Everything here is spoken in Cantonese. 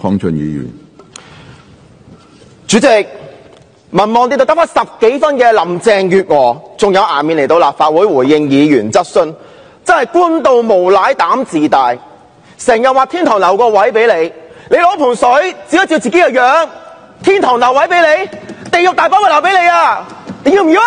康俊議員，主席，民望跌到得翻十幾分嘅林鄭月娥，仲有顏面嚟到立法會回應議員質詢，真係官到無賴膽自大，成日話天堂留個位俾你，你攞盆水只係照一照自己嘅樣，天堂留位俾你，地獄大把位留俾你啊！你要唔要啊？